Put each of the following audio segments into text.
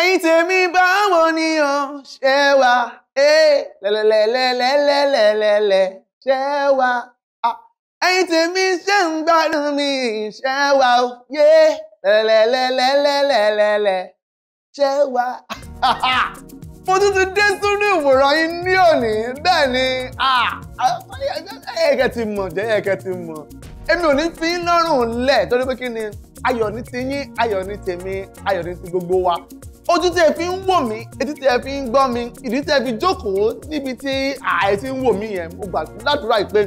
ẹ̀yin tèmi báwo ni o ṣe wà lẹ́lẹ́lẹ́lẹ́lẹ́lẹ́lẹ́lẹ́ ṣe wà ẹ̀yin tèmi ṣe ń gbádùn mi ṣe wà o yé lẹ́lẹ́lẹ́lẹ́lẹ́lẹ́lẹ́ ṣe wà mo tún ti dé sórí ìwòran yín ní òní bẹ́ẹ̀ ni ẹ̀yẹ̀kẹ́ ti mọ̀ jẹ́ ẹ̀yẹ̀kẹ́ ti mọ̀ èmi ò ní fi yín lọ́rùn lẹ̀ torí pé kí ni ayọ̀ ní ti yín ayọ̀ ní tèmi ayọ̀ ní ti gbogbo wa ojú tí ẹ fi ń wò mí etí tí ẹ fi ń gbọ́ mi ìdí tí ẹ fi jókòó níbi tí ààyè ti ń wò mí yẹn mo gbàdúrà pé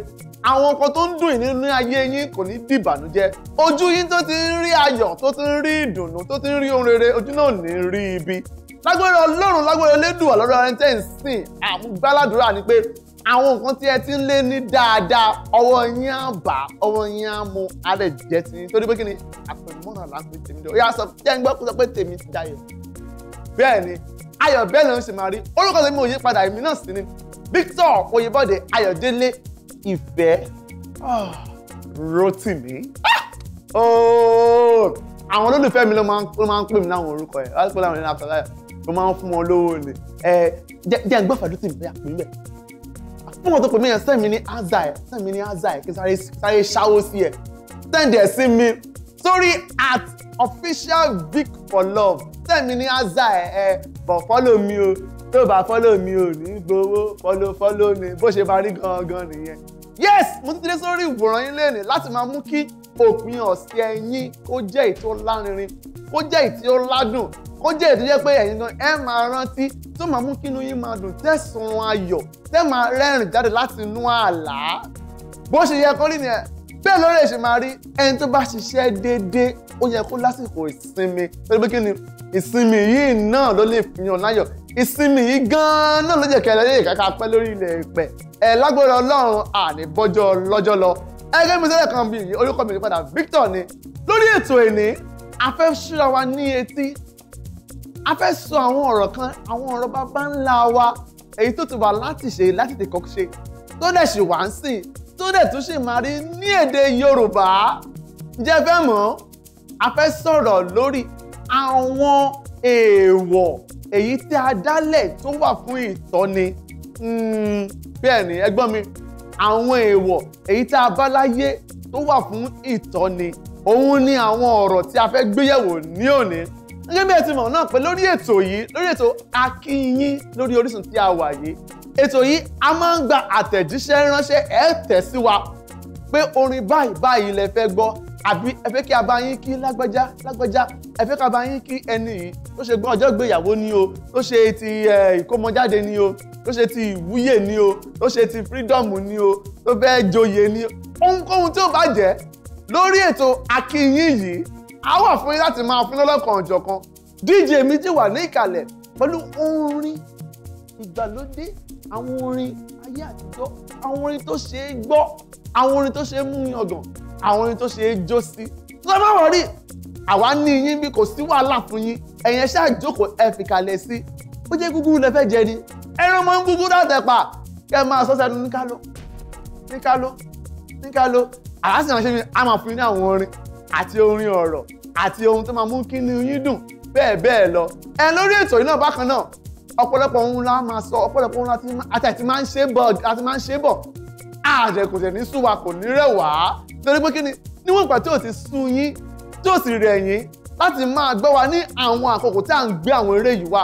àwọn nǹkan tó ń dùn yìí nínú ayé yín kò ní di ìbànújẹ́ ojú yín tó ti ń rí ayọ̀ tó ti ń rí ìdùnnú tó ti ń rí ohun rere ojú náà ní rí ibi lágbára ọlọ́run lágbára elédùà lọ́dọ̀ ẹni tẹ́ ń sìn àmúgbáládùúrà ni pé àwọn nǹkan tí ẹ ti ń lé ní dáadáa ọwọ́ yín á bà ọwọ́ yín á mu alẹ́ jẹ́ sí i torí pé kí ni àpèmọ́nà làá tèmi dé ó yà sọ jẹ́ ń gbọ́ pé tèmi ti dayọ̀ bẹ́ẹ̀ ni ayọ̀ bẹ́ẹ̀ ló ń ṣe máa rí orúkọ tèmi ò yí padà èmi náà sí ni Victor Oyèbọ̀dé Ayọ̀délé Ìfẹ́ ah, Rótìmí ah! Oh! àwọn olólùfẹ́ mi ló máa ń pè mí láwọn orúkọ ẹ̀ láti pé láwọn ẹni àfẹ́láyà ló máa ń fún wọn lówó ni jẹ́ ẹgbẹ́ fàdútì mi bẹ́ẹ̀ pè mí bẹ́ẹ̀ fún wọn tó pè mí yẹn send mi ní azai send mi ní azai kí sáré sáré ṣáwó sí ẹ̀ send ẹ̀ sí mi sórí at official vic for love tẹ̀mí ní aza ẹ̀ ẹ̀ bọ̀ follow me, o tó bá follow me, o ní gbowó follow follow ni bó ṣe parí gangan nìyẹn. yes mo ti dé sórí ìwòran yín lẹ́nu láti máa mú kí òpin ọ̀sẹ̀ ẹ̀yin kó jẹ́ ìtò lárinrin kó jẹ́ ìtì ó ládùn kó jẹ́ ìtì jẹ́ pé ẹ̀yin gan ẹ máa rántí tó máa mú kínú yín máa dùn tẹ̀sán ayọ̀ tẹ́ máa rẹ́rìn jáde láti inú àlá bó ṣe yẹ kó rí ni ẹ̀ bẹ́ẹ̀ lọ́rọ̀ ẹ̀ ṣe máa rí ẹni tó bá ṣiṣẹ́ déédéé ó yẹ kó lásìkò ìsinmi lórí pé kí ni ìsinmi yìí náà ló lè fi hàn láyọ̀ ìsinmi yìí gan-an náà ló jẹ́ kẹ́ ẹ lẹ́yìn kàkà pẹ́ lórí ilẹ̀ ìpẹ́ ẹ lágbára ọlọ́run àníbọ́jọ́ lọ́jọ́ lọ ẹgbẹ́ mi sẹ́lẹ̀ kan bí yìí orúkọ mi padà Victor ni lórí ètò ẹ̀ní a fẹ́ ṣúra wa ní etí a fẹ́ sọ àwọn ọ̀rọ̀ kan àwọn ọ̀rọ̀ bàbá ńlá wa èyí tó ti wà láti ṣe láti tẹ̀kọ́ ṣe tó dẹ̀ ṣì wá ń sìn tó dẹ̀ tún ṣì máa rí ní èdè Yorùbá jẹ́ fẹ́ mọ̀ a fẹ́ sọ̀rọ̀ lórí àwọn èèwọ̀ èyí tí a dálẹ̀ tó wà fún ìtọ́ni hmm, bẹ́ẹ̀ ni ẹgbọ́n mi àwọn èèwọ̀ èyí tá a bá láyé tó wà fún ìtọ́ni òun ni àwọn ọ̀rọ̀ tí a fẹ́ gbéyẹ̀wò ní òní gẹ́gẹ́ bí ẹ ti mọ̀ náà pé lórí ètò yìí lórí ètò akínyín lórí Orísun tí a wà yìí ètò yìí a máa ń gba àtẹ̀jíṣẹ́ ránṣẹ́ ẹ̀ tẹ̀ sí wa pé orin báyìí báyìí lẹ fẹ́ gbọ́ àbí ẹ fẹ́ kí a bá yín kí lágbájá lágbájá ẹ fẹ́ ká bá yín kí ẹni yìí tó ṣe gbọ́ ọjọ́ ìgbéyàwó ni o tó ṣe ti ìkómọjáde ni o tó ṣe ti ìwúyè ni o tó ṣe ti freedom ni o tó fẹ́ joyè ni o ohunkóhun tí ó bá jẹ́ lórí ètò akínyìn yìí a wà fún yín láti máa fún lọ́lọ́kan ọ̀jọ̀kan DJ mi ti wà ní ìkàlẹ̀ pẹ̀lú orin ìgbàlódé àwọn orin ayé àtijọ́ àwọn orin tó ṣe é gbọ́ àwọn orin tó ṣe é mú yangàn àwọn orin tó ṣe é jó sí lọ́dọ̀ máa wọ̀ rí àwa ní yín bí kò sí wàhálà fún yín ẹ̀yin ẹ ṣáà jókòó ẹ fìkàlẹ̀ sí ó jẹ́ gúgúrú lẹ fẹ́ jẹ ni ẹran mọ́ ń gúgúrú àtẹ̀pà kẹ́ ẹ máa sọ́sẹ́ nu níkàló níkàló níkàló àwa sì máa ṣe ni a máa fún yín ní àwọn orin àti orin ọ̀rọ̀ àti ohun tó máa mú kí ni yín dùn bẹ́ẹ̀ bẹ́ẹ̀ lọ ẹ lórí ètò yìí náà bákan náà ọ̀pọ̀lọpọ̀ ohun la máa sọ ọ̀pọ̀lọpọ̀ ohun àti àti máa ń ṣe bọ̀ àti máa ń ṣe bọ̀ ààrẹ kò tẹ̀ ní sú wa kò ní rẹ̀ wá torí pé kí ni níwọ̀n ìgbà tí ò ti sú yín tí ò sì rẹ̀ yín láti máa gbọ́ wa ní àwọn àkókò tí à ń gbé àwọn eré yìí wá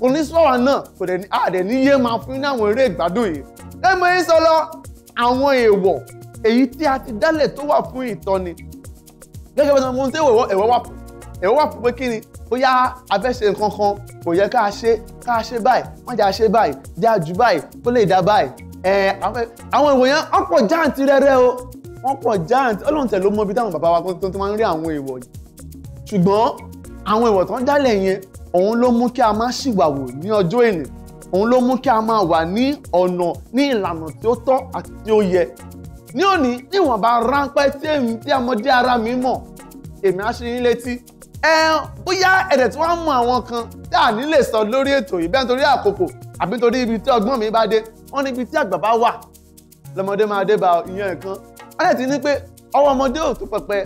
kò ní sọ náà kò dẹ̀ ní ààrẹ ní yé máa fún ní àwọn eré ìgbádùn yìí ẹ mọ yín sọ lọ àwọn èèwọ̀ èyí tí a ti dálẹ̀ tó wà fún ìtọ́ni gẹ́gẹ́ bí wọ́n ti ń wọ bóyá a fẹ́ ṣe nǹkan kan kò yẹ ká ṣe ká ṣe báyìí wọ́n jà ṣe báyìí jà jù báyìí kó lè dá báyìí àwọn ìwòyàn wọ́n pọ̀ jáǹtì rẹ́rẹ́ o wọ́n pọ̀ jáǹtì ọlọ́run tẹ̀ ló mọ ibi táwọn bàbá wa tó tó máa ń rí àwọn èèwọ̀ yìí ṣùgbọ́n àwọn èèwọ̀ tó ń dálẹ̀ yẹn òun ló mú kí a máa ṣìwàwò ní ọjọ́ ènì òun ló mú kí a máa wà ní ọ̀nà ní ìlànà tí ó tọ́ àti tí ó yẹ ní òní níwọ̀nba ráńpẹ́ tí èmi tí ọmọdé ara mi mọ̀ èmi á ṣe yín létí ẹ bóyá ẹ̀dẹ̀ tí wọ́n mọ àwọn kan tá à nílè sọ lórí ètò yìí bẹ́ẹ̀ nítorí àkókò àbí nítorí ibi tí ọgbọ́n mi bá dé wọ́n ní ibi tí àgbà bá wà lọ́mọdé máa dé bá ìyẹn nǹkan wọ́n ti ní pé ọwọ́ ọmọdé ò tó pẹpẹ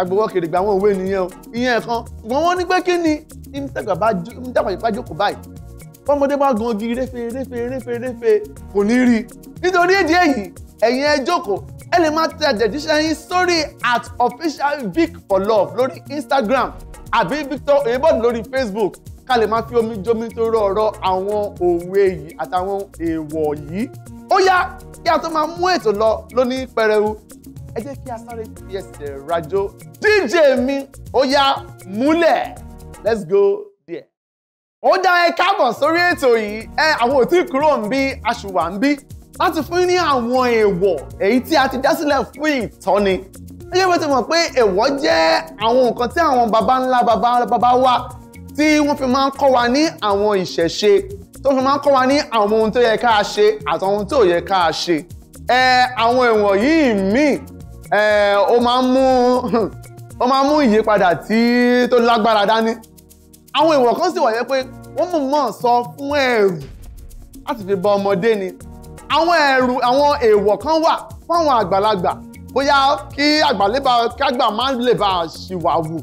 agbowó kiri gba àwọn òwe nìyẹn o ìyẹn nǹkan ṣùgbọ́n wọ́n ní pé kí ni ìmúdàgbà yìí bá jókòó báyìí ọmọdé bá gan igi réfe réfe réfe réfe kò ní rí nítorí èdè èyí ẹ̀yin ẹ jókòó ẹ lè máa tẹ àjẹjíṣẹ́ yín sórí at official vic for love lórí Instagram àbí Victor Oyèbọ̀dé lórí Facebook ká lè máa fi omi jomi tó rọ ọ̀rọ̀ àwọn òwe yìí àtàwọn èèwọ̀ yìí ó yá kí a tó máa mú ètò lọ lóní pẹrẹu ẹ jẹ́ kí a sáré fi ẹsẹ̀ rajó DJ mi ó yá múlẹ̀ let's go there. ó dá ẹ káàbọ̀ sórí ètò yìí ẹ àwọn òtí kúrò ń bí aṣùwà ń bí láti fún ní àwọn èèwọ̀ èyí tí a ti dá sílẹ̀ fún ìtọ́ni ẹ jẹ́ pé ti mọ̀ pé ẹ̀wọ̀ jẹ́ àwọn nǹkan tí àwọn baba ńlá baba ńlá baba wa tí wọ́n fi máa ń kọ́ wa ní àwọn ìṣẹ̀ṣe tó fi máa ń kọ́ wa ní àwọn ohun tó yẹ ká a ṣe àtàwọn ohun tó yẹ ká a ṣe ẹ àwọn ẹ̀wọ̀n yìí míì ẹ ó máa ń mú ó máa ń mú ìyípadà tí tó lágbára dání àwọn ẹ̀wọ̀n kan sì wà yẹ pé wọ́n mọ̀ mọ̀ sọ fún ẹ̀rù láti fi bọ ọmọdé ni àwọn ẹ̀rù àwọn èèwọ̀ kan wà fún àwọn àgbàlagbà bóyá kí àgbà lè bá kí àgbà má lè bá ṣìwà wù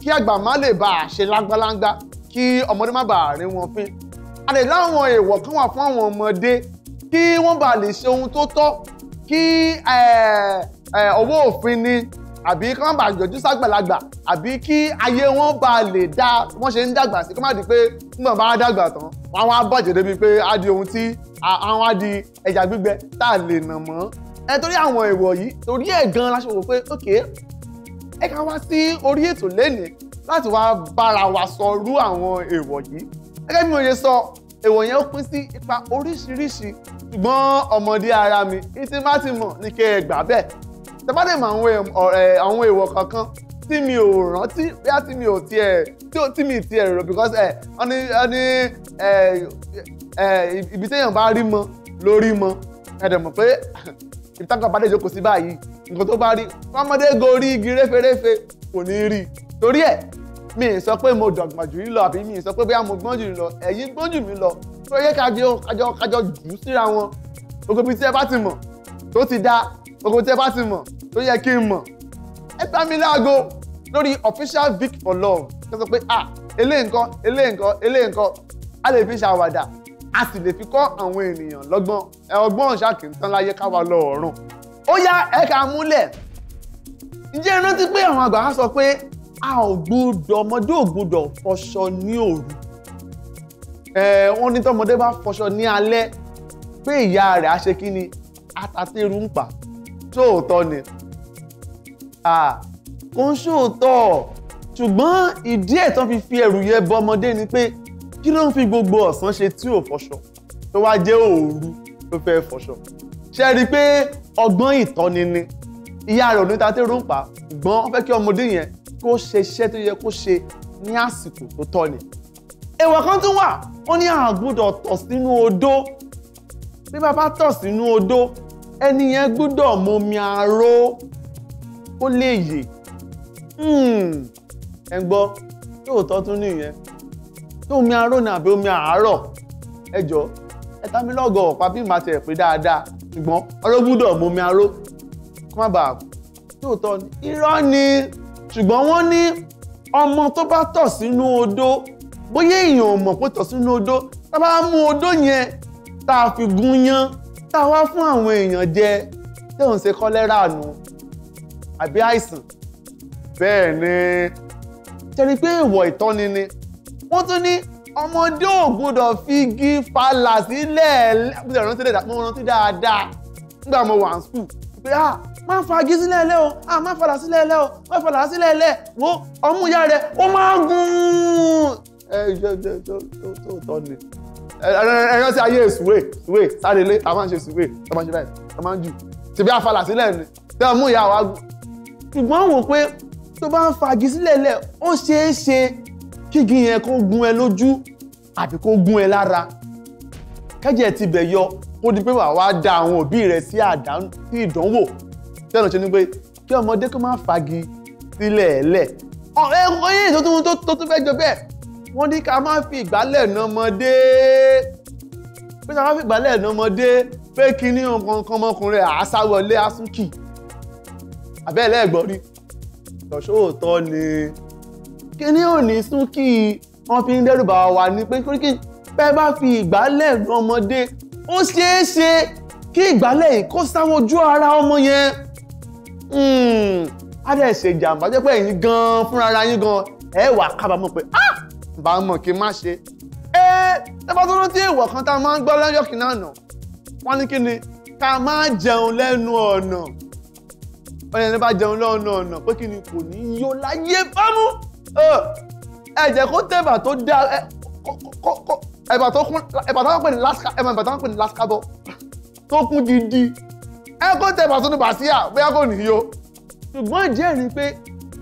kí àgbà má lè bá ṣe lágbáláńgbá kí ọmọdé má bàa rí wọn fín àdè láwọn èèwọ̀ kí wọ́n fún àwọn ọmọdé kí wọ́n bá lè ṣe ohun tó tọ́ kí ọwọ́ òfin ni àbí kí wọ́n bá yọjú ságbàlagbà àbí kí ayé wọn bá lè dá wọ́n ṣe ń dàgbà sí kí wọ́n má di pé nígbà bá dàgbà tán wọ́n á bàjẹ́ débi pé á di ohun tí àwọn á di ẹja gbígbẹ tá a lè nà mọ́ ẹ torí àwọn èèwọ̀ yìí torí ẹ̀ gan la ṣe wò pé ok ẹ ká wá sí orí ètò lénìí láti wá bára wa sọ rú àwọn èèwọ̀ yìí gẹ́gẹ́ bí mo ṣe sọ èèwọ̀ yẹn ó pín sí ipa oríṣiríṣi ṣùgbọ́n ọmọdé ara mi ìtì má ti mọ̀ ní kẹ́ ẹ gbà bẹ́ẹ̀ tẹ́fàdé mọ àwọn èèwọ̀ kankan tí mi ò rántí bí a ti mi ò tiẹ̀ tí mi tiẹ̀ rò because ẹ ọ ní ọ ní ẹ ẹ ibi téèyàn bá rí mọ lórí mọ ẹ dẹ̀ mọ̀ pé ìtàkùn àbádé ìjókòó sí báyìí nǹkan tó bá rí ọmọdé gorí igi réferéfe kò ní rí torí ẹ̀ mi ì sọ pé mo dọ̀gbọ̀n jù yín lọ àbí mi ì sọ pé bóyá mo gbọ́n jù yín lọ ẹ̀yin gbọ́n jù mí lọ tó yẹ kájọ kájọ kájọ jù síra wọn gbogbo ibi tí ẹ bá ti mọ̀ tó ti dá gbogbo tí ẹ bá ti mọ̀ tó yẹ kí n mọ̀ ẹ bá mi láago lórí official Vic for love kí wọ́n sọ pé ah eléyìí nǹkan eléyìí nǹkan eléyìí nǹkan a lè fi ṣàwàdà a sì lè fi kọ́ àwọn ènìyàn lọ́gbọ́n ẹ ọgbọ́n ṣáà kì í tán láyé káwa lọ ọ̀run ó yá ẹ ká múlẹ̀ ǹjẹ́ ẹ rántí pé àwọn àgbà sọ pé a ò gbọ́dọ̀ ọmọdé ò gbọ́dọ̀ fọṣọ ní òru ẹ wọ́n ní tọmọdé bá fọṣọ ní alẹ́ pé ìyá rẹ̀ á ṣe kí ni atatẹ́rù ń pa tóòtọ́ ni kò ń ṣòótọ́ ṣùgbọ́n ìdí ẹ̀ tán fi fi ẹ̀rù yẹn bọ ọmọdé ni pé kí ló ń fi gbogbo ọ̀sán ṣe tí ò fọṣọ tó wá jẹ́ òru tó fẹ́ fọṣọ ṣe rí i pé ọgbọ́n ìtọ́ni ni ìyá rẹ̀ oníta tẹ́rù ń pa gbọ́n fẹ́ kí ọmọdé yẹn kó ṣe iṣẹ́ tó yẹ kó ṣe ní àsìkò tó tọ́ ni èèwọ̀ kan tún wà ó ní a gbọ́dọ̀ tọ̀ sínú odó bí bàbá tọ̀ sínú odó ẹni yẹn gbọ́dọ̀ momi aró kó lè yè hmm, ẹ ń gbọ́ yóò tọ́ tún nìyẹn tó omi aró ni àbí omi àárọ̀ ẹ jọ ẹ ta mi lọ́gọ̀ ọ̀pá bí màá tẹ̀ pé dáadáa ṣùgbọ́n ọ̀rọ̀ gbúdọ̀ mọ omi aró kó má bàa tóòtọ́ ni irọ́ ni ṣùgbọ́n wọ́n ní ọmọ tó bá tọ̀ sínú odó bóyá èèyàn ò mọ̀ pé tọ̀ sínú odó tá a bá mú odó yẹn tá a fi gún yán tá a wá fún àwọn èèyàn jẹ tí òun ṣe kọ́lẹ́rà nù àbí àìsàn bẹ́ẹ̀ ni ṣe rí pé ìwọ̀ ìtọ́ni ni wọ́n tún ní ọmọdé ò gbọdọ̀ fi igi falà sílẹ̀ ẹ̀ rántí dáadáa nígbà mo wà ní skul pé ah má fagi sílẹ̀ ẹlẹ́ o a ah, má fara sílẹ̀ ẹlẹ́ o má fara sílẹ̀ ẹlẹ́ wo ọmú ìyá rẹ̀ ó máa ń gùn. ẹ jẹ jẹ tó tó tó tọ ni ẹran sí ayé ìsúwè ìsúwè sárélé a máa ń ṣe ìsúwè a máa ń ṣe báyìí a máa ń jù tìbí àfàlà sílẹ̀ ni tẹ ọmú ìyá wa gùn. ṣùgbọ́n wò pé tó bá ń fagi sílẹ̀ ẹlẹ́ ó ṣeé ṣe kígi yẹn kó gún ẹ lójú àbí kó gún ẹ lára kẹ́jẹ̀ ti bẹ̀ yọ kó di pé wà da àwọn òbí rẹ sí ìdánwò tẹ́lọ̀ ṣe ni pé kí ọmọdé kó má fagi sílẹ̀ ẹ̀lẹ̀ ọ̀rẹ́ ìyẹn tó tún fẹ́ jọ bẹ́ẹ̀ wọ́n ní ká má fi ìgbálẹ̀ nà ọmọdé pé ká má fi ìgbálẹ̀ nà ọmọdé pé kíní ọkàn ọmọkùnrin àásáwọlé asúnkì àbẹ́ẹ̀lẹ́ ẹ̀gbọ́n rí lọ́sọ̀ọ́tọ́ ni kíní ò ní súnkì wọn fi ń dẹ́rù bá wa ní pé kí bẹ́ẹ̀ bá fi ìgbálẹ̀ lu ọmọdé ó ṣeé ṣe kí ìgbálẹ̀ yìí kó sáwọn ojú ara ọmọ yẹn á hmm, dẹ̀ ṣe jàǹbá jẹ́ pé ẹ̀yin gan-an fúnra ara yín gan-an ẹ wà kábàámọ̀ pé ah bá mọ̀ kí n má ṣe ẹ tẹ́fà tó rántí èèwọ̀ kan tá a máa ń gbọ́ lọ́yọ̀ kí náà nà wọ́n ní kí ni ká máa jẹun lẹ́nu ọ̀nà ọ̀nà ẹni bá jẹun lọ́nà ọ̀nà pé kí ni kò ní yó láyé bámú Eh, ẹ jẹ́ kó tẹ̀bà tó dá ẹ̀bà tó kún ẹ̀bà tó pè ní láska ẹ̀bà tó pè ní láska bọ̀ tó kún gidi ẹ kó tẹ̀bà tó ní bàṣíà bóyá kò níyó ṣùgbọ́n ìdí ẹ̀ ni pé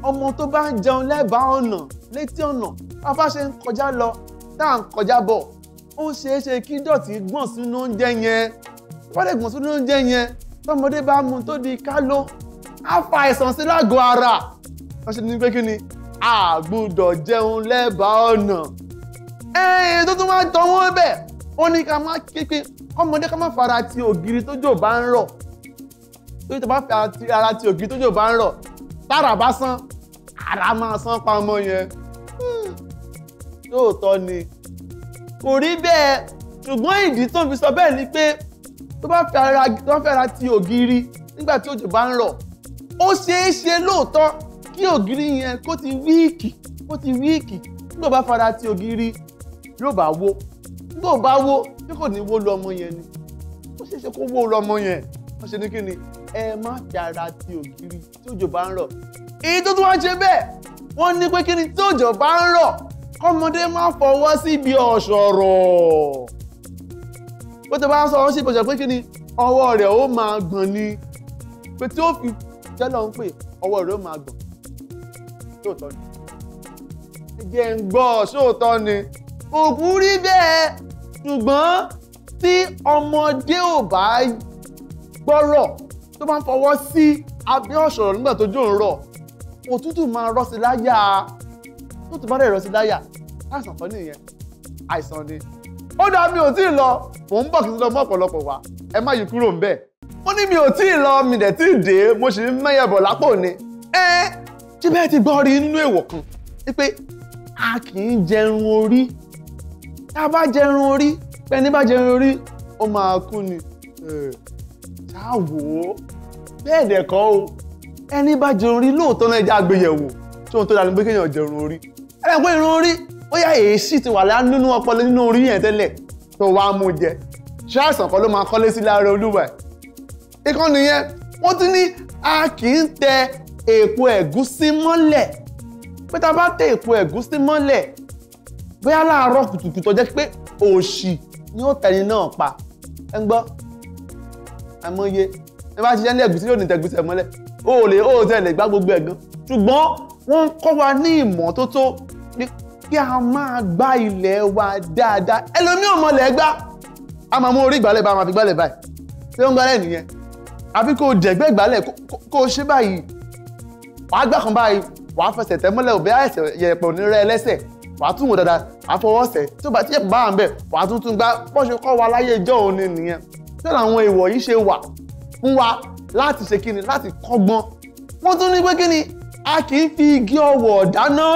ọmọ tó bá ń jẹun lẹ́bàá ọ̀nà létí ọ̀nà afá ṣe ń kọjá lọ tá à ń kọjá bọ̀ ó ṣeé ṣe kí dọ̀tí gbọ̀n sínú oúnjẹ yẹn wọ́n lè gbọ̀n sínú oúnjẹ yẹn tọmọdé bá mu tó di ká ló á fa àìsàn sí lágọ̀ọ́ ara wọ́n ṣe ní pé kí ni a gbọ́dọ̀ jẹun lẹ́bàá ọ̀nà ẹ̀ẹ́n tó tún wá tọ́ wọ́n bẹ̀ wọ́n ní ká má képe ọmọdé ká má fara ti ògiri tójò bá ń rọ̀ tójò tó bá fara ti ògiri tójò bá ń rọ̀ tára bá sán ara máa sán pa ọmọ yẹn hmm. lóòótọ́ ni kò rí bẹ́ẹ̀ ṣùgbọ́n ìdí tó fi sọ bẹ́ẹ̀ ni pé tó bá fara ti ògiri nígbà tí òjò bá ń rọ̀ ó ṣeé ṣe lóòótọ́ kí ògiri yẹn kó ti wíìkì kó ti wíìkì nígbà bá fara ti ògiri yóò bá wó nígbà bá wó tí kò ní wó lu ọmọ yẹn ni ó ṣeé ṣe kó wó lu ọmọ yẹn wọ́n ṣe ní kí ni ẹ má jara ti ògiri tí òjò bá ń rọ̀ èyí tó tún wá ṣe bẹ́ẹ̀ wọ́n ní pé kí ni tí òjò bá ń rọ̀ kọ́mọdé má fọwọ́ sí ibi ọ̀ṣọ̀rọ̀ bó ti bá ń sọ ọ́n sí ìbọ̀ṣọ̀ pé kí ni ọwọ́ rẹ̀ ó máa gbọ̀n ni pé tí ó fi jẹ́lọ̀ ń pè ọwọ́ rẹ̀ ó máa gbọ̀n sóòótọ́ ni jẹ́ ń gbọ́ sóòótọ́ ni òkú rí bẹ́ẹ̀ ṣùgbọ́n tí ọmọdé ò bá gbọ́rọ̀ tó bá ń fọwọ́ sí abẹ́ nígbà tó jò ń rọ̀ òtútù máa rọ́ láyà òtútù bá dẹ̀ láyà àìsàn kan nìyẹn àìsàn ni ó dá mi ò tí ì lọ mò ń bọ̀ kí n lọ mọ́ ọ̀pọ̀lọpọ̀ wá ẹ má yí kúrò ń bẹ̀ ó ní mi ò tí ì lọ mi dẹ̀ tí ì dé mo sì ń mẹ́yẹ̀ lápò ni ẹ ṣé bẹ́ẹ̀ ti gbọ́ rí nínú èèwọ̀ kan pé a kì í jẹun orí tá a bá jẹun orí pẹ́ni bá jẹun orí ó máa kú ni ṣáà wò ó bẹ́ẹ̀ dẹ̀ kọ́ o ẹni bá jẹun orí lóòótọ́ náà ẹja àgbéyẹ̀wò tí ohun tó dàbí pé kéèyàn jẹun orí ẹ̀rẹ̀ pé irun orí ó yá èéṣì ti wà lánàá nínú ọpọlọ nínú orí yẹn tẹ́lẹ̀ tó wàá mú jẹ ṣé àìsàn kan ló máa kọ́lé sí lára olúwa ẹ̀. ikán nìyẹn wọ́n tún ní a kì í tẹ èpo ẹ̀gúsí mọ́lẹ̀ pé tá a bá tẹ èpo ẹ̀gúsí mọ́lẹ̀ bóyá láàárọ̀ kùtùkùtù tó jẹ́ pé òṣì ni ó tẹni náà pa ẹ ń gbọ́ àmọye ẹ bá ṣiṣẹ́ ní ẹ̀gúsí yóò ní tẹ̀gúsí ẹ̀ mọ́lẹ̀ o ò lè o ò tẹ̀ lè gbá gbogbo ẹ̀ gan ṣùgbọ́n wọ́n ń kọ́ wa ní ìmọ́tótó ní kí a máa gbá ilẹ̀ wa dáadáa ẹlòmíì ò mọ̀lẹ̀ gbá a máa mú orí ìgbálẹ̀ bá a máa fi gbálẹ̀ báyìí ṣé ó ń gbálẹ̀ nìyẹn àfi kò dẹ̀gbẹ́ ìgbálẹ̀ kò ṣe báyìí wàá gbà báyìí wàá fẹsẹ̀ tẹ mọ́lẹ̀ òbí àìsẹ̀ yẹ̀pẹ̀ onírẹ́ ẹlẹ́sẹ̀ wàá tún wò dáadáa wàá fọwọ́ sẹ̀ tó bá tíyẹ̀ bá wà ń wàá tún tún gbá bọ́ṣe kọ́ wa láyé ìjọ́ òní nìyẹn tí àwọn èèwọ̀ yìí ṣe wà fún wa láti ṣe kíni láti kọ́gbọ́n wọ́n tún ní pé kíni a kì í fi igi ọwọ̀ dáná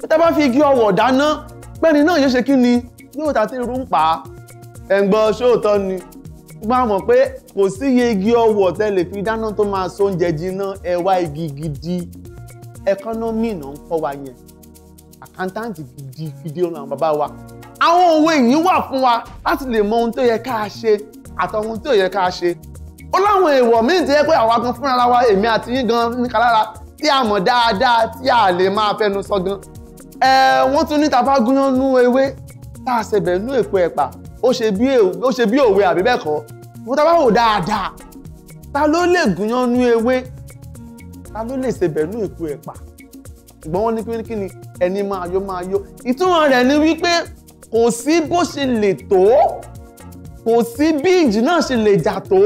bí tá bá fi igi ọwọ̀ dáná pẹ́ni náà yóò ṣe kíni yóò ta tí irú ń pa ẹ̀ ń gbọ́ ṣóòtọ́ ni máa mọ̀ pé kò sí iye igi ọwọ̀ tẹ lè fi dáná tó máa so oúnjẹ jiná ẹ wá igi gidi ẹkọ́nọ́mì náà ń kọ́ wa yẹn àkántáǹtì gidi gidi ọ̀nà àwọn bàbá wa àwọn òwe yìí wà fún wa láti lè mọ ohun tó yẹ ká ṣe àtàwọn ohun tó yẹ ká ṣe ó láwọn èèwọ̀ míì tó yẹ pé àwa gan fúnra wa èmi àti yín gan níka lára tí a mọ̀ dáadáa tí a lè máa fẹnu sọ gan ẹ wọ́n tún ní tá gúnyán nú ewé tá a ṣẹ̀bẹ̀ nú èpo ẹ̀pà ó ṣe bí òwe àbí bẹ́ẹ̀ kọ́ mo ta bá wò dáadáa ta ló lè gúnyánú ewé ta ló lè ṣèbẹ̀nú ìkú ẹ̀pà ṣùgbọ́n wọ́n ní pé kí ni ẹni máa yó máa yó ìtumọ̀ rẹ̀ ni wípé kò sí bó ṣe lè tó kò sí bí ìjì náà ṣe lè jà tó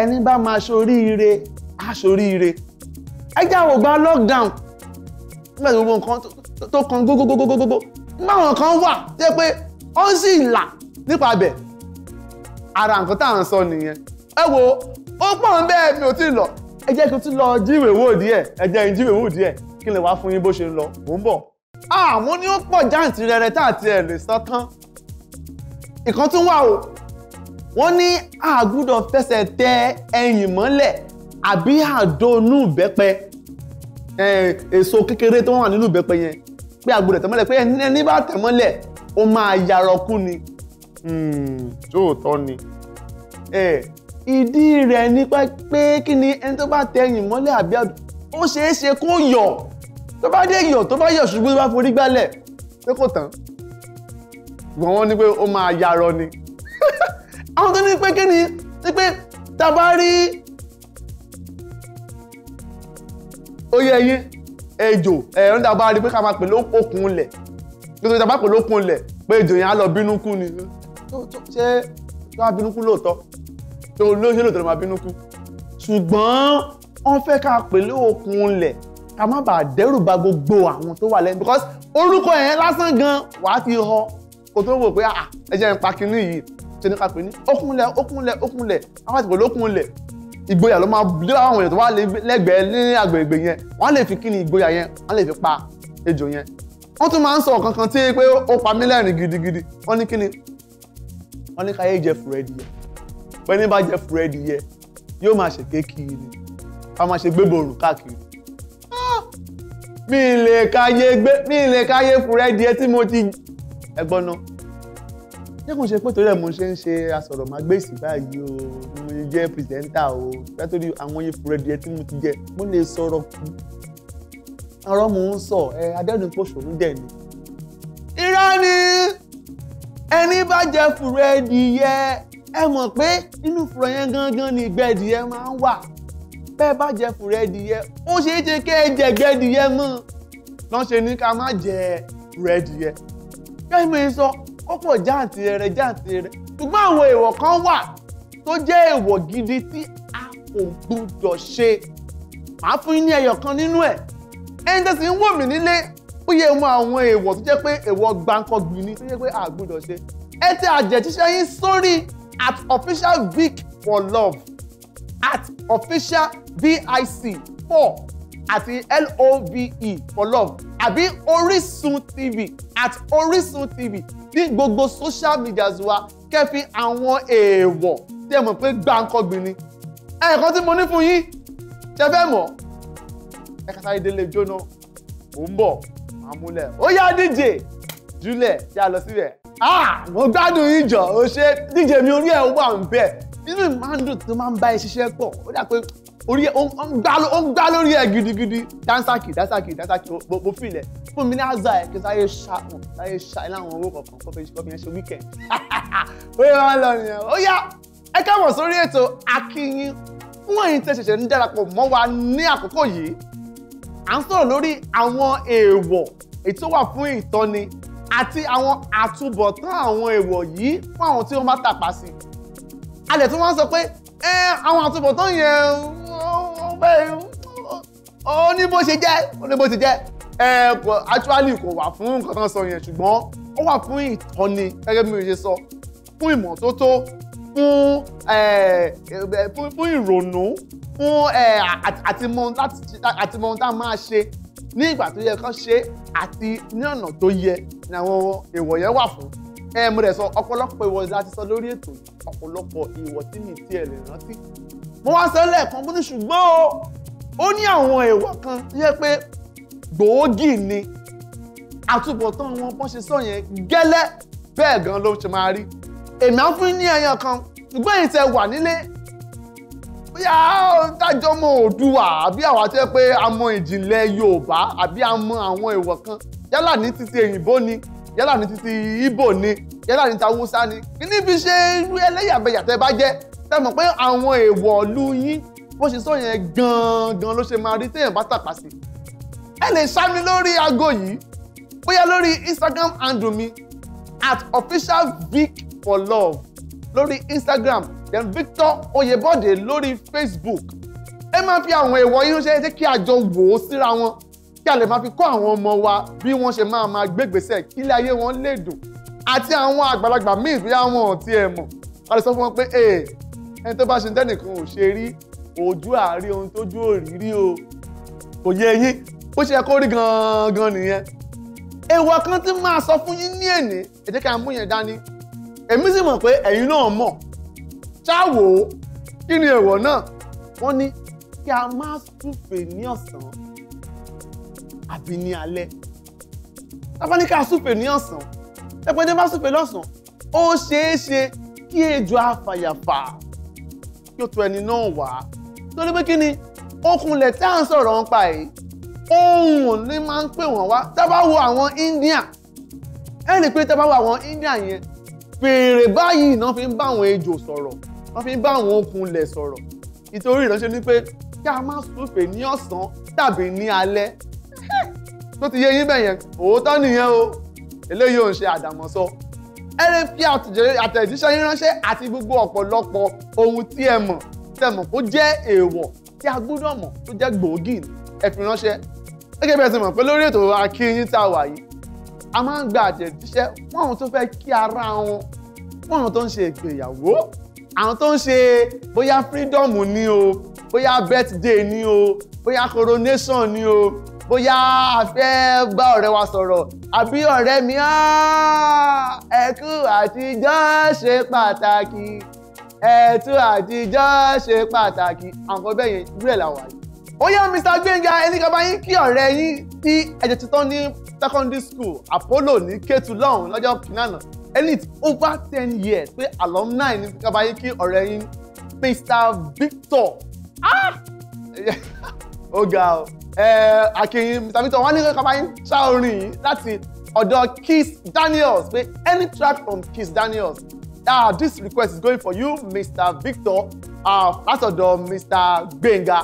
ẹni bá máa ṣoríire á ṣoríire ẹ já wò gba lockdown nígbà tí gbogbo nǹkan tó kan gógógógógógó báwọn kan wà jẹ́ pé ó sì là nípa bẹ̀ ara nǹkan tá à ń sọ nìyẹn ẹ wo ó pọ̀n bẹ́ẹ̀ mi ò tí ì lọ ẹ jẹ́ kí n tún lọ jíwèé wò díẹ̀ ẹ jẹ́ n jíwèé wò díẹ̀ kí n lè wá fún yín bó ṣe ń lọ mò ń bọ̀ àmọ́ ni ó pọ̀ jáǹtì rẹ̀rẹ̀ tá àti ẹ̀ lè sọ tán ìkan tún wà o wọ́n ní àgùdọ̀ fẹsẹ̀ tẹ ẹyìn mọ́lẹ̀ àbí àdónú ìbẹ́pẹ èso kékeré tó wà nínú ìbẹ́pẹ yẹn pé àgùdọ̀ tẹ̀mọ́lẹ̀ pé ẹni bá tẹ̀mọ́lẹ̀ ó máa yarọkú ni Hmm, sóòótọ́ ni ìdí rẹ̀ nípa pé kí ni ẹni tó bá tẹ̀yìn mọ́lẹ̀ àbí ó ṣeé ṣe kó yọ̀ tó bá dé yọ̀ tó bá yọ̀ ṣubú tó bá forí gbálẹ̀ pé kò tán ṣùgbọ́n wọ́n ní pé ó máa yarọ ni àwọn tó ní pé kí ni ní pé tá a bá rí oyè ẹyin ejò ẹ̀rọ tá a bá rí pé ká máa pè lókun lẹ̀ nítorí tá a bá pè lókun lẹ̀ pé ejò yẹn á lọ bínú kú ni ṣé tó bá bínú kú lóòótọ́ tó lóṣè lóòótọ́ ló máa bínú kú ṣùgbọ́n wọ́n fẹ́ ká pèlè okùn ilẹ̀ ká má bàa dẹ́rù ba gbogbo àwọn tó wà lẹ́nu because orúkọ yẹn lásán gan wàá fi họ kó tó wò pé ah, ah, ẹ jẹ́ n pa kinní yìí ṣe ní ká pè ní ókúnlẹ̀ ókúnlẹ̀ ókúnlẹ̀ àwọn àti pẹ̀lú ókúnlẹ̀ ìgboyà ló máa lé àwọn èèyàn tó wà lẹ́gbẹ̀ẹ́ ní agbègbè yẹn wọ́n lè fi kíni ìgboyà yẹn wọ́n lè fi pa ejò yẹn wọ́n tún máa ń sọ kankan tí pé ó pa mí lẹ́rìn gidigidi wọ́n ní kíni wọ́n ní káyé jẹ fúrẹ́dì yẹ pẹ́ni bá jẹ fúrẹ́dì yẹ yóò máa ṣèké kiri ká máa ṣe gbébòrùn káàkiri ah! mi lè káyé gbé mi lè káyé fúrẹ́dì yẹ tí mo ti ẹgbọ́n náà ṣé kò ṣe pé torí ẹ̀ mo ṣe ń ṣe asọ̀rọ̀mágbèsì báyìí o mo jẹ́ pìrìsẹ́ńtà o látòrí àwọn yẹn fúrẹ́dì yẹ tí mo ti jẹ mo lè sọ̀rọ̀ kù ọ̀rọ̀ mò ń sọ ẹ adẹ́rùn pòṣónú dẹ̀ ni. irọ́ ni ẹni bá jẹ fùrọ ẹdìyẹ ẹ mọ̀ pé inú fùrọ yẹn gangan ni ìgbẹ́ ẹdìyẹ máa ń wà bẹ́ẹ̀ bá jẹ fùrọ ẹdìyẹ ó ṣeé ṣe kẹ́ ẹ jẹ ìgbẹ́ ẹdìyẹ mọ́ lọ́nṣẹ́ ní ká má jẹ fùrọ ẹdìyẹ. kẹ́hìn mi sọ kọ́pọ̀ jáǹtì rẹ̀ jáǹtì rẹ̀ ṣùgbọ́n àwọn èèwọ̀ kan wà tó jẹ́ èèwọ̀ gidi tí a kò gbọdọ̀ ṣe màá fún yín ní ẹyọ kan nínú ẹ̀ ẹni tẹ́sí ń wò mí nílé ó yẹ mọ àwọn èèwọ̀ tó jẹ́ pé èèwọ̀ gbáǹkọ́gbìn ni tó jẹ́ pé a gbọ́dọ̀ ṣe ẹ tẹ àjẹjíṣẹ́ yín sórí at official vic for love at official vic for àti love for love àbí Orísun TV at Orísun TV ní gbogbo social media. wa kẹfí àwọn èèwọ̀ tẹ́ mọ̀ pé gbáǹkọ́gbìn ni ẹ̀ẹ̀kan tí mo ní fún yín ṣe fẹ́ mọ̀ ẹ̀ka sáré délé jóná ò ń bọ̀ àmúlẹ̀ ó yá díje júlẹ̀ tí a lọ síbẹ̀. Ah, mo gbádùn ìjọ o ṣe díje mi orí ẹ̀ wà ń bẹ̀ nínú ìmáàdùn tó máa ń bá ẹ ṣiṣẹ́ pọ̀ ó dà pé orí ẹ ó ń gbá lórí ẹ gidigidi dansaki dansaki dansaki mo fi ilẹ̀ fún mi ní aza ẹ kí sáyé ṣá ọ sáyé ṣá ẹ láwọn owó kọ̀ọ̀kan kọ́ fẹ́ẹ́ kọ́ fi yẹn ṣe weekend ó yẹ wọn lọ nìyẹn ó yá ẹ káàbọ̀ sórí ètò akínyìn fún ẹ̀yin tẹ́ ń darapọ̀ mọ́ wa ní àkókò yìí à ń sọ̀rọ̀ lórí àwọn èèwọ̀ èyí tó wà fún ìtọ́ni àti àwọn àtúbọ̀tán àwọn èèwọ̀ yìí fún àwọn tí wọ́n bá tàpá sí a lè tún wọ́n sọ pé ẹ àwọn àtúbọ̀tán yẹn ó ní bó ṣe jẹ́ ó ní bó ṣe jẹ́ ẹ kò actually kò wà fún nǹkan tán sọ yẹn ṣùgbọ́n ó wà fún ìtọ́ni gẹ́gẹ́ bí mo ṣe sọ fún ìmọ́tótó fún fún ìrònú fún àti mọ ohun tá a máa ṣe ní ìgbà tó yẹ kán ṣe àti ní ọ̀nà tó yẹ ni àwọn èèwọ̀ yẹn wà fún ẹ mo rẹ̀ sọ ọ̀pọ̀lọpọ̀ ìwọ la ti sọ lórí ètò ọ̀pọ̀lọpọ̀ ìwọ tí mi tiẹ̀ lè rántí mo wá sọ lẹ́ẹ̀kan bó ní ṣùgbọ́n o ó ní àwọn ìwà kan tó yẹ pé gbòógì ni àtúbọ̀tán wọn bọ́n ṣe sọ yẹn gẹ́lẹ́ bẹ́ẹ̀ gan ló ṣe máa rí èmi á fún ní ẹyàn kan ṣùgbọ́n èyí tẹ wà nílé bóyá tájọ́ mọ Oòduà àbí àwa tẹ́ pé a mọ ìjìnlẹ̀ Yorùbá àbí a mọ àwọn èèwọ̀ kan yálà ní títí èyìnbó ni yálà ní títí Ìgbò ni yálà ní tàwùsá ni ni. fi ṣe irú ẹlẹ́yàbẹ̀yà tẹ́ bá jẹ́ tẹ́ mọ̀ pé àwọn èèwọ̀ lu yín bó ṣe sọ yẹn gan-an ló ṣe máa rí téèyàn bá tàpá sí ẹ lè ṣá mi lórí aago yìí bóyá lórí Instagram handle mi at officialvicforlove lórí Instagram then Victor Oyèbọ̀dé lórí Facebook ẹ máa fi àwọn èèwọ̀ yín ṣe kí àjọ wò ó síra wọn kí a lè máa fi kọ́ àwọn ọmọ wa bí wọ́n ṣe máa máa gbégbèsè kí ilé ayé wọn lè dùn àti àwọn àgbàlagbà míì bí àwọn ò tiẹ̀ mọ̀ wọ́n lè sọ fún wọn pé ee ẹni tó bá ṣe dẹ́nìkan ò ṣe rí ojú àárí ohun tójú òrírí o kò yé yín bó ṣe kó rí gangan nìyẹn èèwọ̀ kan tí máa sọ fún yín ní èní ẹ ká mú yẹn dání èmi sì mọ̀ pé ẹ̀yin náà mọ̀ ṣáàwò kí ni èèwọ̀ náà wọ́n ní kí a má súfèé ní ọ̀sán àbí ní alẹ́ tábà ní ká súfèé ní ọ̀sán ẹ̀pẹ́ndé bá súfèé lọ́sàn ó ṣeé ṣe kí ejò afàyàfà kí ó tó ẹni náà wá torí pé kí ni okunlẹ̀ tá à ń sọ̀rọ̀ ń pa yìí ohun ni máa ń pè wọ́n wá tábà wo àwọn India ẹ rí pé tábà wo àwọn India yẹn fèrè báyìí náà fi ń bá àwọn ejò sọ̀rọ̀ wọ́n fi ń bá àwọn okùn lẹ̀ sọ̀rọ̀ ìtorí ìránṣẹ́ ni pé kí a má súfè ní ọ̀sán tàbí ní alẹ́ tó ti yé yín bẹ̀yẹn òótọ́ nìyẹn o eléyìí ò ń ṣe àdàmọ̀sọ ẹ lè fi àtẹ̀jíṣẹ́ yín ránṣẹ́ àti gbogbo ọ̀pọ̀lọpọ̀ ohun tí ẹ mọ̀ tẹ mọ̀ kó jẹ́ èèwọ̀ tí a gbọ́dọ̀ mọ̀ tó jẹ́ gbòógì ẹ fi ránṣẹ́ gẹ́gẹ́ bí ẹ ti mọ̀ pé lórí ètò akínyín tá a wà yìí a máa ń gba àtẹ̀jíṣẹ́ fún àwọn tó fẹ́ kí ara wọn fún àwọn tó ń ṣe ìgbéyàwó àwọn tó ń ṣe bóyá freedom ni o bóyá birthday ni o bóyá coronation ni o bóyá a fẹ́ bá ọ̀rẹ́ wa sọ̀rọ̀ àbí ọ̀rẹ́ mi ẹ̀kú àtijọ́ ṣe pàtàkì ẹ̀tú àtijọ́ ṣe pàtàkì àwọn ọbẹ̀ yẹn rẹ̀ là wà yìí. ó yá Mr. Gbénga ẹnìkanba yín kí ọ̀rẹ́ yín tí ẹ̀jẹ̀ tuntun ní secondary school Apollo ní Kétu lọ́hùn lọ́jọ́ kìnnàna elite over ten years pé alumni ní kábàáyé kí ọ̀rẹ́ yín Mr Victor ah! ó ga ọ akínyìn Mr Victor wọn ní kábàáyé ṣá orin yìí láti ọ̀dọ̀ Kiss Daniels pé any track from Kiss Daniels ah this request is going for you Mr Victor ah, látọ̀dọ̀ uh, Mr Gbenga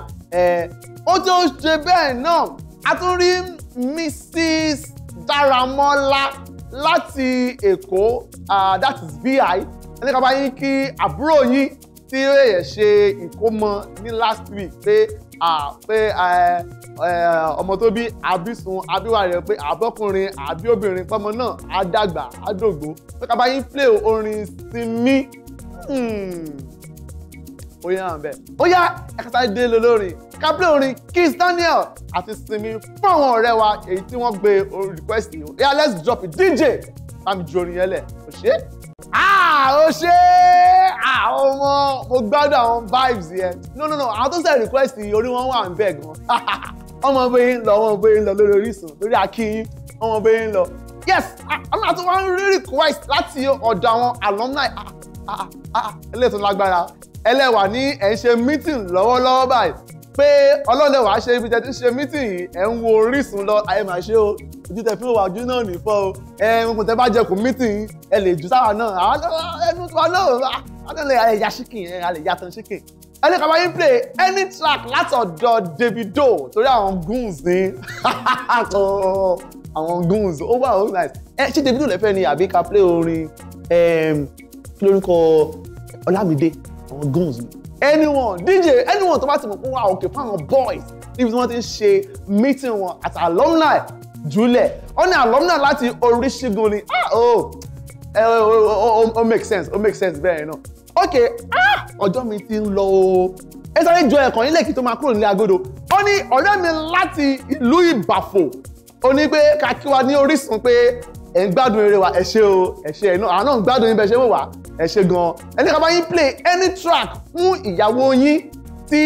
ó tó ṣe bẹ́ẹ̀ náà a tún rí Mrs Daramola láti Èkó that is VI ẹni ká bá yín kí àbúrò yín tí ó yẹ ṣe ìkómọ ní last week pé pé ọmọ tó bí abisun abiwari pé abọ́kùnrin abiobìnrin pọ́mọ náà á dàgbà á dògbò ẹni kaba bá yín play orin sinmi. Hmm oyè hàn bẹ́ẹ̀. ó yá ẹ̀kátà dé lólórin kábílẹ̀ orin Kiss Daniel àti Simi fún àwọn ọ̀rẹ́ wa èyí tí wọ́n gbé request yìí yá let's drop it DJ bámi ju orin yẹn lẹ̀ ó ṣe. ó ṣe àwọn ọmọ mo gbádùn àwọn vibes yẹn no no no àwọn tó ṣe request yìí orí wọn wà ń bẹ̀ gan ọmọ bẹ́ẹ̀ ń lọ ọmọ bẹ́ẹ̀ ń lọ lórí Orísun lórí Akínyìn ọmọ bẹ́ẹ̀ ń lọ yes àwọn àti wọn rí request láti ọ̀dọ̀ àwọn alumni ah, ah, ah, eléyìí tó lágbára ẹlẹ́wà ní ẹ̀ ń ṣe mítìn lọ́wọ́lọ́wọ́ báyìí pé ọlọ́lẹ́wà ṣe ibi tẹ́tí ṣe mítìn yìí ẹ̀ ń wo Orísun lọ ayé màá ṣe o ojú tẹ fi wà ojú náà nìfọ́ o ẹ nǹkan tẹ bá jẹ kù mítìn ẹ lè jù sáwà náà ẹnu tó wà náà alẹ́ alẹ́ ya ṣíkìn ẹ alẹ́ ya tan ṣíkìn ẹ ní ká bá yín play any track látọ̀dọ̀ Davido torí àwọn goons ní àwọn goons ó wà ó nice ẹ ṣé Davido lẹ́fẹ̀ẹ́ ni àbí ká play orin kí lórúkọ Ọlámídé àwọn guns ni anyone dj anyone tó bá ti mọ̀ pé wà òkè fún àwọn boys níbi tí wọ́n ti ń ṣe meeting wọn àti alumni jùlẹ̀ ó ní alumni láti Oríṣìgún ni ah oh ó eh, oh, oh, oh, make sense ó make sense bẹ́ẹ̀ náà ok ah ọjọ́ mi ti ń lọ o ẹ sáré ju ẹ̀kan nílẹ̀ kí tó máa kúrò nílé agodo ó ní ọ̀rẹ́ mi láti ìlú Ìbàfò ó ní pé ká kí ní Orísun pé ẹ̀ ń gbádùn eré wa ẹ ṣé o ẹ ṣé ẹ̀ náà àná ń gbádùn yín bẹ́ẹ̀ ṣe wò wá ẹ ṣé gan-an ẹni ká bá yín play any track fún ìyàwó yín tí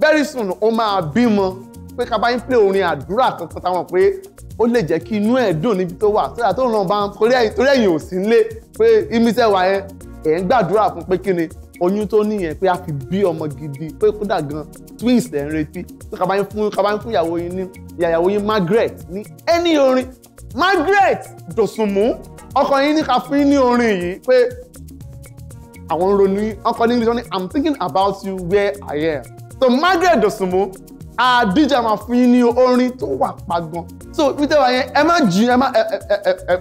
very soon ó máa bímọ pé ká bá yín play orin àdúrà kankan táwọn pé ó lè jẹ́ kí inú ẹ̀ dùn níbi tó wà sódà tó ràn bá torí ẹ̀yìn ò sí nílé pé imisẹ́ wa yẹn ẹ̀ ń gbàdúrà fún pé kí ni oyún tó níyẹn pé a fi bí ọmọ gidi pé kódà gan twins ẹ̀ ń retí tó ká bá yín fún ká bá yín fún ìyàwó yín ní ìyàwó yín Margaret ní ẹni orin Margaret Dòsùnmú ọkọ yín ní ká fún yín ní orin yìí pé àwọn ronú ọkọ ní English wọn I'm thinking about you where I am so Margaret Dòsùnmú àdíjà máa fún yín ní orin tó wà pa so wíjẹ́ wa yẹn ẹ má jìn ẹ má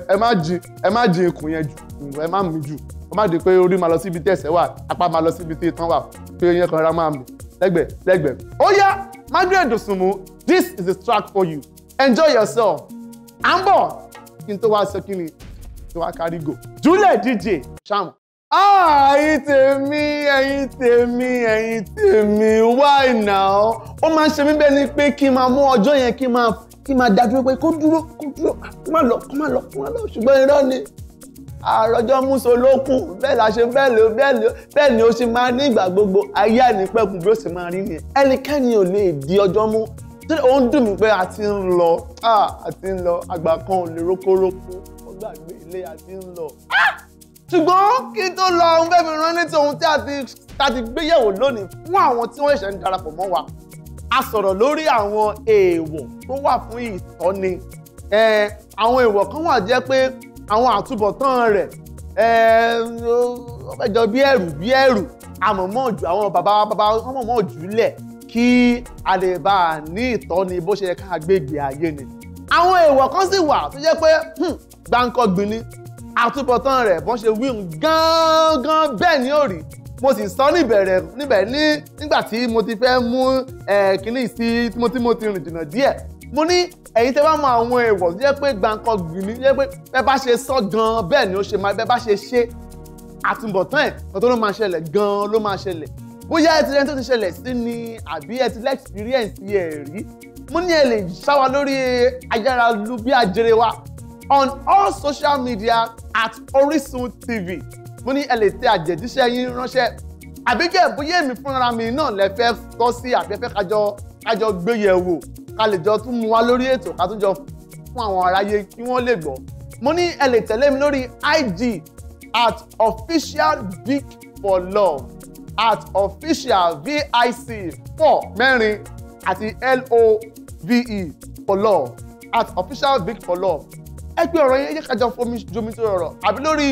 ẹ má jìn ẹ má jìn ikùn yẹn jù ẹ má mì jù ọ má di pé orí máa lọ síbi tí ẹsẹ̀ wà apá máa lọ síbi tí itan wà pé yẹn kan ra máa mì lẹ́gbẹ̀ẹ́ lẹ́gbẹ̀ẹ́ ó Margaret Dòsùnmú this is the track for you enjoy yourself à ń bọ̀ kí n tó wá sọ kí ni tó wá kárí gò júlẹ̀ DJ ṣáàmù. ẹ̀yin tèmi ẹ̀yin tèmi ẹ̀yin tèmi why now ó máa ń ṣe mí bẹ́ẹ̀ ni pé kí n máa mú ọjọ́ yẹn kí n máa kí n máa dájú pé kó dúró kó dúró kó má lọ kó má lọ kó má lọ ṣùgbọ́n irọ́ ni àròjọ múso ló kù bẹ́ẹ̀ la ṣe bẹ́ẹ̀ ló bẹ́ẹ̀ ló bẹ́ẹ̀ ni ó ṣe máa ní ìgbà gbogbo ayé àìnípẹ̀kùn bí ó sì máa rí nìyẹn ẹnikẹ́ni ò lè di ọjọ́ mú tó ó ń dùn mí pé a ti ń lọ a ti ń lọ àgbà kan ò lè rókórókó ó gbàgbé ilé a ti ń lọ. ṣùgbọ́n kí n tó lọ ohun fẹ́ fi rán létí ohun tí a ti gbéyẹ̀wò lónìí fún àwọn tí wọ́n ṣẹ̀ṣẹ̀ ń darapọ̀ mọ́ wa a sọ̀rọ̀ lórí àwọn èèwọ̀ tó wà fún ìtọ́ni àwọn èèwọ̀ kan wà jẹ́ pé àwọn àtúbọ̀tán rẹ̀ ó fẹ́ jọ bí ẹ̀rù bí ẹ̀rù àmọ̀mọ́ jù àwọn bàbá bàbá ọmọọmọ jù lẹ̀ kí a lè bá a ní ìtọ́ni bó ṣe ká gbégbé ayé ni. àwọn èèwọ̀ kan sì wà tó jẹ́ pé hmm, gbáǹkọ́gbìn ni àtúbọ̀tán rẹ̀ bọ́n ṣe wí gángan bẹ́ẹ̀ ni ó rí mo sì sọ níbẹ̀rẹ̀ níbẹ̀ ní nígbà tí mo ti fẹ́ mú kínní sí mo ti mo ti rìn jìnnà díẹ̀ mo ní ẹ̀yin tẹ́ bá mọ àwọn èèwọ̀ tó jẹ́ pé gbáǹkọ́gbìn ni jẹ́ pé bẹ́ẹ̀ bá ṣe sọ gan bẹ́ẹ̀ ni ó ṣe máa bẹ́ẹ̀ bá ṣe ṣe àtúbọ̀tán ẹ̀ tó ló máa ṣẹlẹ̀ gan ló máa ṣẹlẹ̀ bóyá ẹ ti rẹ́ni tó ti ṣẹlẹ̀ sí ni àbí ẹ ti lẹ́ẹ̀sìpírẹ́ǹsì ẹ̀ rí mo ní ẹ lè ṣáwa lórí ayára lu bí ajere wa on all social media at Orisun TV mo ní ẹ lè tẹ àjẹjíṣẹ́ yín ránṣẹ́ àbí kẹ́ bóyá èmi fúnra mi náà lẹ fẹ́ tọ́ sí àbí ẹ fẹ́ kájọ kájọ gbé yẹ̀ wò ká lè jọ tún mu wá lórí ètò ká tún jọ fún àwọn aráyé kí wọ́n lè gbọ́ mo ní ẹ lè tẹ̀lé mi lórí IG at official big for love at official vic four mẹ́rin àti love for love at official vic for love ẹ pé ọ̀rọ̀ yẹn yẹ kájọ fomi jomi tó rọrọ̀ àbí lórí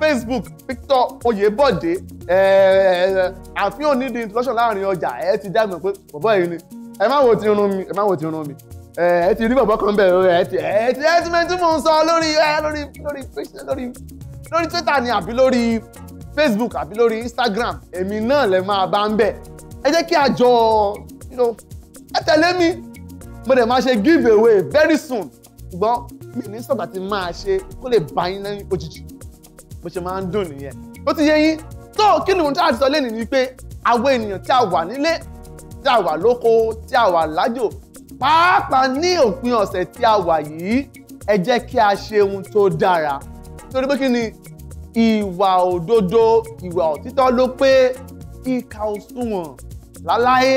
facebook Victor Oyèbọ̀dé eh, àfihàn ní the introduction láàrin ọjà ẹ ti dá mi pé bọ̀bọ̀ yìí ni ẹ má wo ti irun mi ẹ má wo ti irun mi eh, ẹ ti rí bọ̀bọ̀ kan bẹ̀ ẹ ti ẹ ti ẹ ti mẹ́tí mò ń sọ lórí ẹ lórí lórí lórí lórí twitter ni àbí lórí facebook àbí lórí instagram èmi náà lè máa bá ń bẹ̀ ẹ jẹ́ kí a jọ ẹ tẹ̀lé mi mo dẹ̀ máa ṣe give away very soon ṣùgbọ́n mi ní sọ̀tà ti máa ṣe kó lè bá yín lẹ́yìn òjijì bó ṣe máa ń dùn nìyẹn ó ti yé yín tó kí ni mo tí a ti sọ lẹ́nu ni pé àwọn ènìyàn tí a wà nílé tí a wà lóko tí a wà lájò pàápàá ní òpin ọ̀sẹ̀ tí a wà yìí ẹ jẹ́ kí a ṣe ohun tó dára torí pé kí ni ìwà òdodo ìwà òtítọ́ ló pé ìkà òṣùwọ̀n láláyé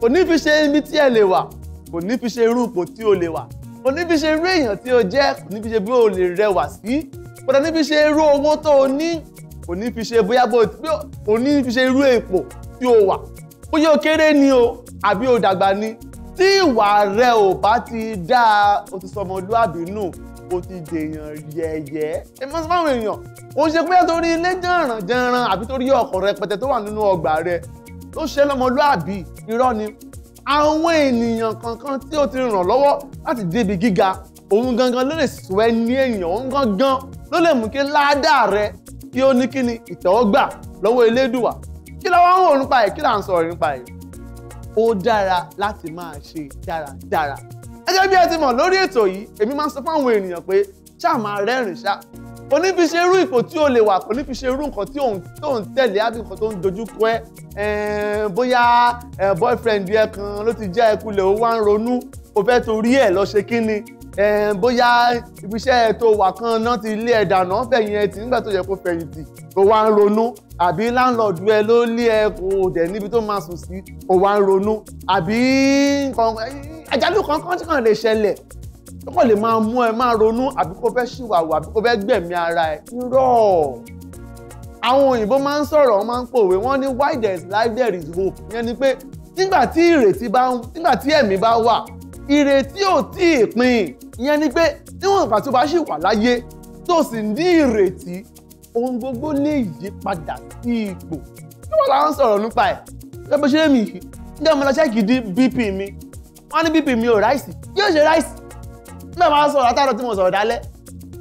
kò ní fi ṣe ibi tí ẹ lè wà kò ní fi ṣe irú ipò tí o lè wà kò ní fi ṣe irú èèyàn tí o jẹ́ kò ní fi ṣe bí o lè rẹwà sí kò ní fi ṣe irú owó tó o ní kò ní fi ṣe bóyá bó o ní fi ṣe irú ipò tí o wà bóyá o kéré ni o àbí o dàgbà ni tí ìwà rẹ ò bá ti dáa o ti sọmọlúàbí nù ó ti dèèyàn yẹ̀yẹ́ ẹ mọ́ sáwọn èèyàn ó ṣe pé torí ilé jẹ̀ràn jẹ̀ràn àbí torí ọkọ̀ rẹpẹtẹ tó wà nínú ọgbà rẹ ló ṣe lọ́mọlúàbí irọ́ ni àwọn ènìyàn kankan tí ó ti ràn lọ́wọ́ láti débi gíga òun gangan ló lè sọ ẹ ní èèyàn òun gangan ló lè mú kí ládàá rẹ kí ó ní kí ni ìtẹ́wọ́gbà lọ́wọ́ elédùwà kí la wá ń wò nípa ẹ̀ kí là ń sọ̀rọ̀ nípa ẹ̀ ó dára láti máa ṣe dáradára gẹ́gẹ́ bí ẹ ti mọ̀ lórí ètò yìí èmi máa ń sọ fáwọn ènìyàn pé ṣáà máa rẹ́rìn ṣá kò ní fi ṣe irú ipò tí ó lè wà kò ní fi ṣe irú nǹkan tí òun tẹ̀lé àbí nǹkan tó ń dojú kọ ẹ bóyá boyfriend yẹ kan ló ti jẹ́ ẹkulẹ̀ ó wá ń ronú o fẹ́ torí ẹ̀ lọ ṣe kí ni bóyá ibiṣẹ́ tó wà kan náà ti lé ẹ̀ dànù fẹ̀yìn ẹ̀ tì nígbà tó yẹ kó fẹ̀yìntì kó wá ń ronú àbí láńlọ́ọ̀dù ẹ ló lé ẹ kó dẹ̀ níbi tó máa sùn sí kó wá ń ronú àbí nǹkan àjálù kankan tí kàn lè ṣẹlẹ̀ tó kàn lè máa mú ẹ máa ronú àbí kó fẹ́ ṣìwàwò àbí kó fẹ́ gbẹ̀mí ara ẹ irọ́ àwọn òyìnbó máa ń sọ̀rọ̀ wọ́n máa ń pòwe wọ́n ní why there is life there is hope ìyẹn ni pé nígbà tí ìrètí bá ń nígbà tí ẹ̀mí bá wà ìrètí ò tí ì pin ìyẹn ni pé níwọ̀n ìgbà tó bá ṣì wà láyé tó sì ní ìrètí ohun gbogbo lè yí padà sí ipò níwọ̀n làwọn sọ̀rọ̀ nípa ẹ̀ lọ́bọ̀ ṣe é mi yìí ǹjẹ́ mo lọ ṣẹ́ẹ̀kì dí bp mi wọ́n ní bp mi ò ráìsì yóò ṣe ráìsì náà máa sọ̀rọ̀ látàrọ̀ tí mo sọ̀rọ̀ dálẹ́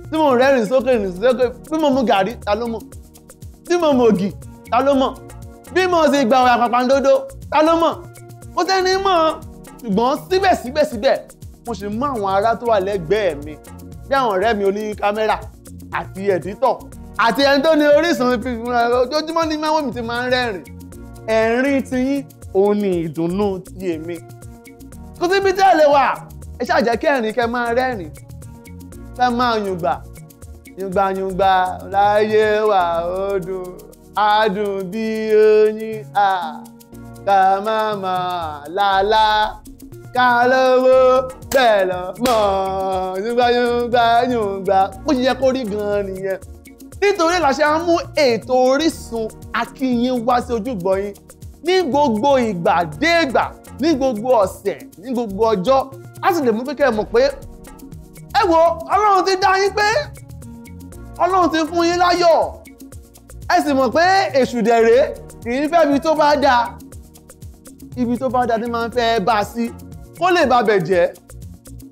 tí mo rẹ́rìn sókè rìn sókè bí mo mu gàrí ta ló mọ̀ tí mo mu ògì ta ló mọ̀ bí mo sì gba ọ̀yà pàpàǹdodo ta ló mọ̀ mo sẹ́ni mọ̀ ṣùgbọ́n síbẹ̀síbẹ̀síbẹ̀ mo sì mú àwọn ará tó wà lẹ́gbẹ̀ẹ́ mi bí àwọn ọ̀rẹ́ mi oní kámẹ́rà àti ẹ̀dítọ̀ àti ẹni tó ní Orísun ojoojúmọ́ ní máwọ́ mi ti máa ń rẹ́rìn ẹ̀rín tiyín òun ni ìdùnnú ti èmi kò sí ibi tẹ́ ẹ lè wà ẹ ṣáà jẹ́ kẹrin kẹ máa rẹ́rìn kẹ máa yùngbà yùngbà yùngbà láyé wà ó dùn adùn bí oyin à ká má má lálá ká lówó bẹ́ẹ̀ mọ̀ yùngbà yùngbà yùngbà ó ṣe kó rí gan-an nìyẹn nítorí la ṣe ń mú ètò Orísun Akíìyín wá sí ojúgbọ yín ní gbogbo ìgbà dégbà ní gbogbo ọ̀sẹ̀ ní gbogbo ọjọ́ á sì lè mú pé kẹ́ ẹ mọ̀ pé ẹ wo ọlọ́run ti dá yín pé ọlọ́run ti fún yín láyọ̀ ẹ sì mọ̀ pé èṣù dẹ̀rẹ̀ kì í fẹ́ ibi tó bá dáa ibi tó bá dáa ni máa ń fẹ́ bá a sí kó lè ba bẹ̀ jẹ́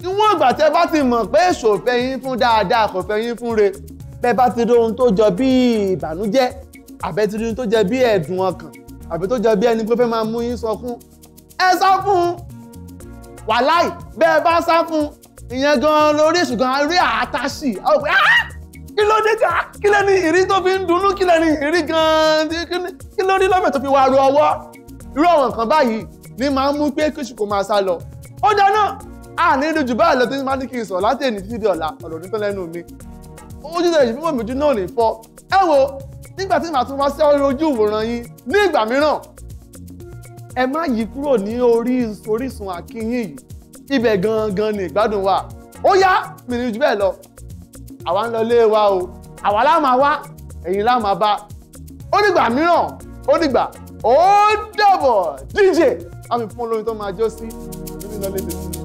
níwọ̀n ìgbà tẹ́ bá ti mọ̀ pé èṣù ò yín fún dáadáa kò fẹ́ yín fún re bẹ́ẹ̀ bá ti rí ohun tó jọ bí ìbànújẹ́ àbẹ́tí tó jẹ bí ẹ̀dùn ọkàn àbí tó jẹ ẹni pé fẹ́ máa mú yín sọkún ẹ sá fún un wàláì bẹ́ẹ̀ bá sá fún un ìyẹn gan-an lórí èṣù gan-an rí àtàṣì àwọn òpè kí ló dé ká kí lẹ́ni ìrí tó fi ń dunnú kí lẹ́ni ìrí gan-an kí ló rí lọ́bẹ̀ tó fi wá ru ọwọ́ irú àwọn nǹkan báyìí ni máa ń mú pé kí èṣù kò máa sá lọ ó dáná àní lójú báyìí lọ tí máa ní kí n sọ̀rọ̀ láti ènì títí di ọ̀la ọ̀rọ̀ ní lẹ́nu mi ojú tẹ̀lé ìṣẹ́fún mi ojú náà ní ẹ wo nígbà tí màá tún wá sí ojú ẹ má yí kúrò ní orí Orísun àkíyìn yìí ibẹ̀ gangan ni ìgbádùn wa ó yá mìíràn jù bẹ́ẹ̀ lọ àwa ń lọ lé wa o àwa la máa wá ẹ̀yin la máa bá ó dìgbà mìíràn ó dìgbà ó dàbọ̀ DJ àmì fún olórin tó máa jó sí nínú ìlọlẹ́lẹ́sìn.